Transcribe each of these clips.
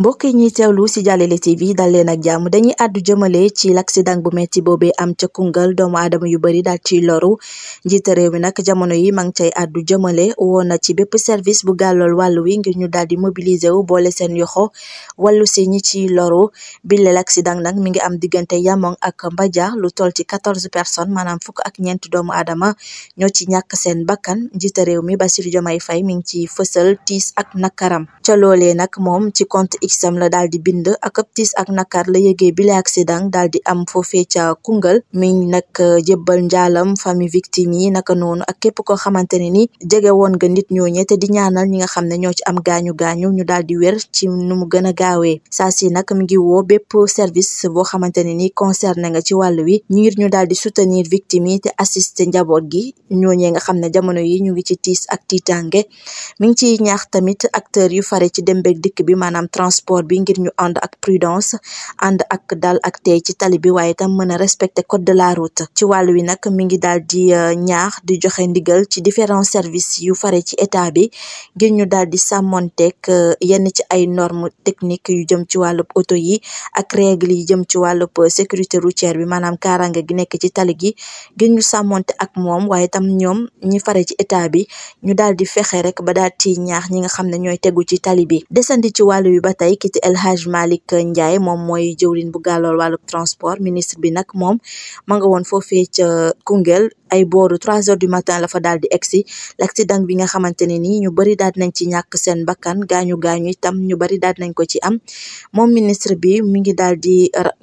mbokk yi ñuy teewlu si Jàllale TV dal leen ak jàmm dañuy àddu jëmale ci l'accident bu metti boobee am ca Koungheul doomu adama yu bëri daal ci loru njiita réew mi nag jamono yi ma ngi cay àddu jëmale woon na ci bépp service bu gàllool wàllu wi ngir ñu daal di mobiliser wu boole seen yoxo wallu si ñi ci loru bile l'accident nag mi ngi am diggante Yamong ak Mbadia lu toll ci quatorze personnes maanaam fukk ak ñeent doomu aadama ñoo ci ñàkk seen bakkan njiite réew mi Bassirou Diomaye Faye mi ngi ci fësal tiis ak nakaram xm la daal di bind ak ab tiis ak nakar la yëgee bile accident daal di am foofee ca Koungheul miñ nag euh, jébbal njaalam famille victime yi naka noonu ak képp koo xamante ne ni jege woon nga nit ñooñe te di ñaanal ñi nga xam ne ñoo ci am gaañu-gaañu ñu daal di wér ci nu mu gën a gaawee saa si nag mi ngi woo bépp service boo xamante ne ni concerné nga ci wàll wi ngir ñu daal di soutenir victime yi te assister njaboot gi ñooñee nga xam ne jamono yi ñu ngi ci tiis transport bi ngir ñu ànd ak prudence ànd ak dal ak tey ci tali bi waaye tam mën a respecter code de la route ci wàll wi nag mi ngi daal di euh, ñaax di joxe ndigal ci différents service yu fare ci état bi ngir ñu daal di sàmmonteeg euh, yenn ci ay normes techniques yu jëm ci wàllub oto yi ak règle yi jëm ci wàllub euh, sécurité routière bi maanaam kaaraange gi nekk ci tali gi ngir ñu sàmmonte ak moom waaye tam ñoom ñi fare ci état bi ñu dal di fexe rek ba daal ci ñaax ñi nga xam ne ñooy tegu ci tali tey ki ci El Hadj Malick Ndiaye moom mooy jëwriñ bu gàllool wàllu transport ministre bi nag moom ma nga woon foofee ca Koungheul ay booru trois heures du matin la fa daal di egsi l'accident bi nga xamante ne nii ñu bëri daal nañ ci ñàkk seen bakkan gaañu gaañu itam ñu bëri daal nañ ko ci am moom ministre bi mi ngi daal di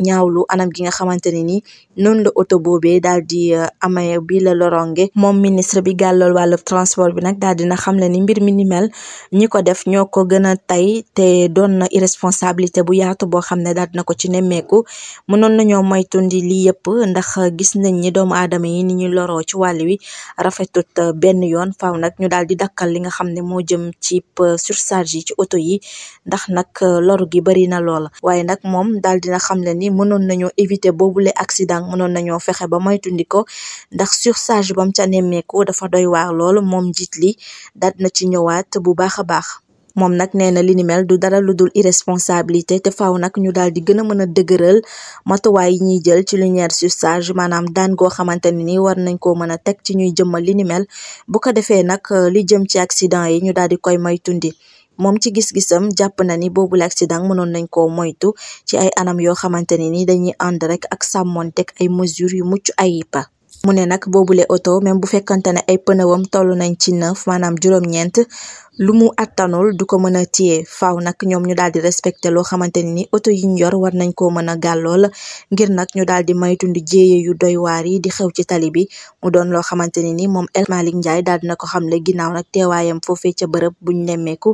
ñaawlu anam gi nga xamante ne nii noonu la oto boobee daal di uh, amee bi la loronge moom ministre bi gàllool wàllu transport bi nag daal dina xam le ni mbir mi ni mel ñi ko def ñoo ko gën a tey te doon na irresponsabilité bu yaatu boo xam ne daal na ko ci nemmeeku mënoon nañoo moytundi lii yëpp ndax gis nañ ni doomu aadama yi ni ñu defaroo ci wàll wi rafetut euh, benn yoon faaw nag ñu daal di dakkal li nga xam ne moo jëm ci euh, surcharge yi ci oto yi ndax nag euh, loru gi bëri na loola waaye nag moom daal dina xam ne ni mënoon nañoo boobu boobule accident mënoon nañoo fexe ba moytundi ko ndax surcharge bam ca nemmeeku dafa doy waar lool moom njiit li daat na ci ñëwaat bu baax a baax moom nag nee na li du dara lu dul irresponsabilité te faaw nag ñu daal di gën a mën a dëgëral matuwaay yi ñuy jël ci lu ñeer surcharge maanaam daan goo xamante ne ni war nañ koo mën a teg ci ñuy jëmmal li bu ko defee nag euh, li jëm ci accident yi ñu daal di koy moytundi moom ci gis-gisam jàpp na ni boobu la accident mënoon nañ koo moytu ci ay anam yoo xamante ne ni dañuy ànd rek ak sàmmoon sàmmoonteeg ay mesures yu mucc ayib mu ne nag boobule oto même bu fekkante ne ay pënawam toll nañ ci neuf maanaam juróom-ñeent lu mu attanul du ko mën a téye faaw nag ñoom ñu daal di respecté loo xamante ne ni oto yi ñu yor war nañ koo mën a gàllool ngir nag ñu daal di maytundi jéeye yu doy waar yi di xew ci tali bi mu doon loo xamante ne nii moom El Malick Ndiaye daal dina ko xamle ginnaaw nag teewaayam foofee ca bërëb buñ nemmeeku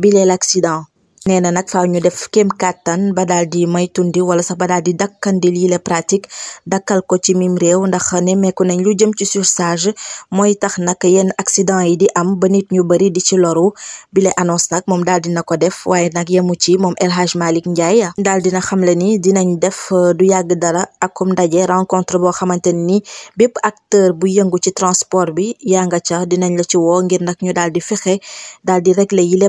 bileel accident nee na nag faaw ñu def kéem kàttan ba daal di may tundi wala sax ba daal di dakkandil yi la pratique dakkal ko ci mim réew ndax nemmeeku nañ lu jëm ci surcharge mooy tax nag yenn accident yi di am ba nit ñu bëri di ci loru bile annonce nag moom daal dina ko def waaye nag yemu ci moom El Hadj Malick Ndiaye daal dina xamle ni dinañ def euh, du yàgg dara akum ndaje rencontre boo xamante ni bépp acteur bu yëngu ci transport bi yaa nga ca dinañ la ci woo ngir nag ñu daal di fexe daal di régler yile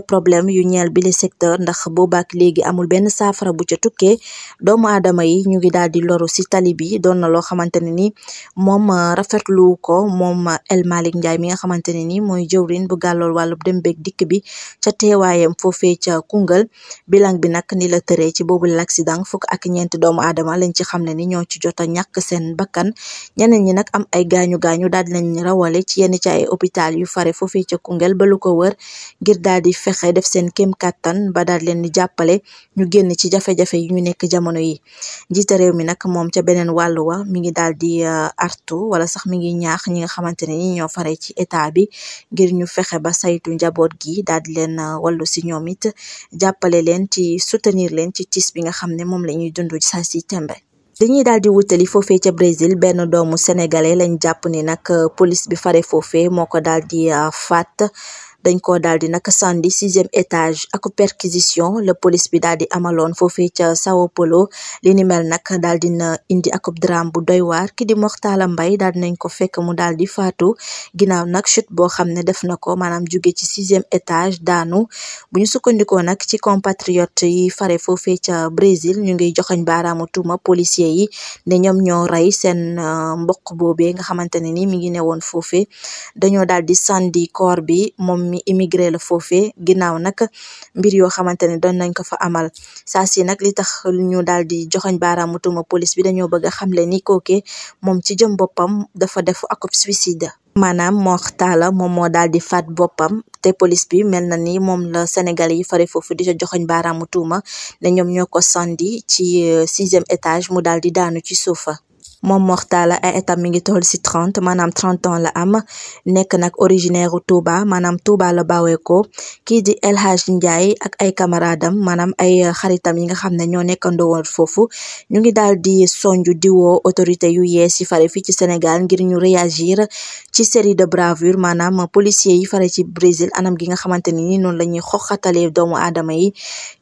ndax boobaak léegi amul benn saafara bu ca tukkee doomu aadama yi ñu ngi daal di loru si tali bi doon na loo xamante ne ni moom euh, rafetlu ko moom El Malick Ndiaye mi nga xamante ne ni mooy jëwriñ bu gàllool wàllub dem beeg dikk bi ca teewaayam foofee ca Koungheul bilan bi nag ni la tëree ci boobu l'accident fukk ak ñeenti doomu aadama lañ ci xam ne ni ñoo ci jot a ñàkk seen bakkan ñeneen ñi nag am ay gaañu gaañu daal di lañ rawale ci yenn ci ay hôpital yu fare foofee ca Koungheul ba lu ko wër ngir daal leen di jàppale ñu génn ci jafe-jafe yi ñu nekk jamono yi njiite réew mi nag moom ca beneen wàllu wa mi ngi daal di uh, artu wala sax mi ngi ñaax ñi nga xamante ne ñi ñoo faree ci état bi ngir ñu fexe ba saytu njaboot gi daal di leen uh, wàllu si ñoom it jàppale leen ci soutenir leen ci tiis bi nga xam ne moom la ñuy dund saa si tembe dañuy daal di wutali foofee ca Brésil benn doomu sénégalais lañ jàpp ni nag uh, police bi fare foofee moo ko daal faat dañ ko daal di nag sànni sixième étage ak perquisition la police bi daal di amaloon foofee ca Sao Paulo li ni mel nag daal di na indi ak drame bu doy waar ki di Mortala mbay daal di nañ ko fekk mu daal di faatu ginnaaw nag chute boo xam ne def na ko maanaam jóge ci sixième étage daanu bu ñu sukkandikoo nag ci compatriote yi fare foofee ca Brésil ñu ngi joxoñ baaraamu tuuma policier yi ne ñoom ñoo rey seen euh, mbokk boobee nga xamante ne ni mi ngi ne woon foofee dañoo mi immigré la foofee ginnaaw nag mbir yoo xamante ne doon nañ ko fa amal saa si nag li tax ñu daal di joxoñ baaraamu tuuma police bi dañoo bëgg a le ni kooke moom ci jëm boppam dafa def akub suicide. maanaam Mor Talla moom moo daal di faat boppam te police bi mel na ni moom la Sénégal yi fare foofu di joxoñ baaraamu tuuma ne ñoom ñoo ko sandi ci euh, sixième étage mu daal di daanu ci suufa moom Mortalla ay étape mi ngi toll si trente maanaam trente ans la am nekk nag originaire Touba maanaam Touba la bàwweekoo kii di El Hadj ak ay camaradam maanaam ay xaritam yi nga xam ne ñoo nekkandoo woon foofu ñu ngi daal di sonju di woo autorité yu yees yi fare fii ci Sénégal ngir ñu réagir ci série de bravure maanaam policiers yi fare ci Brésil anam gi nga xamante ni noonu lañuy ñuy xoxatalee doomu adama yi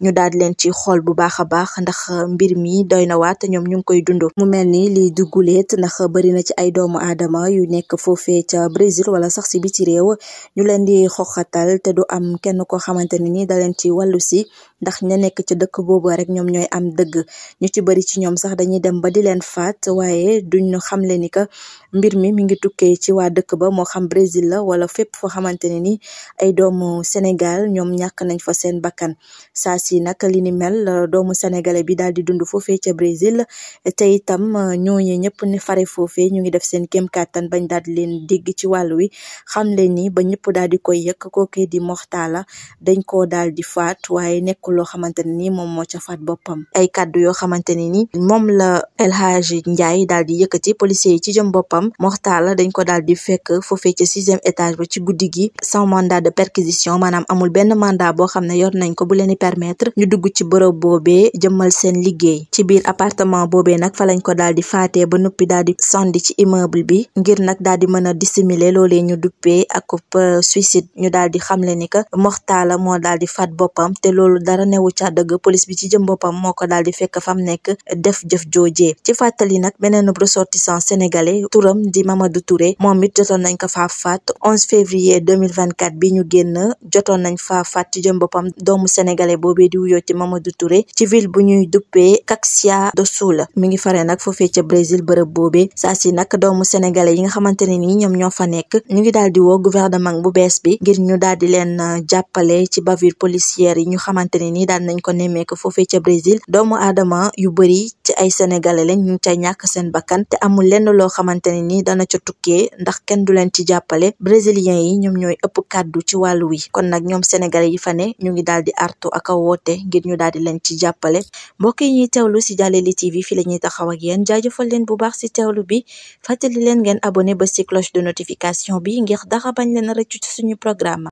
ñu daal di leen ci xool bu baax a baax ndax mbir mi doy na ñoom ngi koy dund guleet ndax bëri na ci ay doomu aadama yu nekk foofee ca Brésil wala sax si biti réew ñu leen di xoxatal te du am kenn koo xamante ne ni da leen ci wàllu si ndax ña nekk ci dëkk boobu rek ñoom ñooy am dëgg ñu ci bëri ci ñoom sax dañuy dem ba di leen faat waaye duñ xam xamle ni que mbir mi mi ngi tukkee ci waa dëkk ba moo xam Brésil la wala fépp foo xamante ne ni ay doomu Sénégal ñoom ñàkk nañ fa seen bakkan saa si nag doomu sénégalais bi daal di dund ñëpp ni fare foofee ñu ngi def seen kem kàttan bañ daal di leen dégg ci wàll wi xam leen ni ba ñëpp daal di koy yëkk kookee di moxtaala dañ koo daal di faat waaye nekk loo xamante ne ni moom moo ca faat boppam ay kàddu yoo xamante ne ni moom la El Hadji Ndiaye daal di yëkkati policier yi ci jëm boppam moxtaala dañ ko daal di fekk foofee ci sixième étage ba ci guddi gi sans mandat de perquisition maanaam amul benn mandat boo xam ne yor nañ ko bu leen di permettre ñu dugg ci bërëb boobee jëmal seen liggéey ci bii ba noppi daal di sandi ci immeuble bi ngir nag daal di mën a dissimuler loolee ñu duppee ak euh, suicide ñu daal di xamle ni que Mortalla moo daal di faat boppam te loolu dara newu ca dëgg police bi ci jëm boppam moo ko daal di fekk fam nekk def jëf joojee ci fàttali nag beneen ressortissant sénégalais turam di mama Mamadou Touré moom it jotoon nañ ko faa faat 11 février 2024 bi ñu génn jotoon nañ faa faat ci jëm boppam doomu sénégalais boobee di wuyoo ci Mamadou Touré ci ville bu ñuy duppee saisir bërëb boobee saa si nag doomu sénégalais yi nga xamante ne nii ñoom ñoo fa nekk ñu ngi daal di woo gouvernement bu bees bi ngir ñu daal di leen euh, jàppale ci bavure policière yi ñu xamante ne nii daal nañ ko nemmeeku foofee ca Brésil doomu aadama yu bëri ay sénégalais lañ ñu ngi cay ñàkk seen bakkan te lenn loo xamante ne nii dana ca tukkee ndax kenn du leen ci jàppale brésiliens yi ñoom ñooy ëpp kàddu ci wàll wi kon nag ñoom sénégalais yi fa ne ñu ngi daal di artu ak woote ngir ñu daal di leen ci jàppale mbokk yi ñuy teewlu si Jàllale TV fi la ñuy taxaw ak leen bu baax ci teewlu bi fàttali leen ngeen abonné ba ci de notification bi ngir dara bañ leen a rëccu ci suñu programme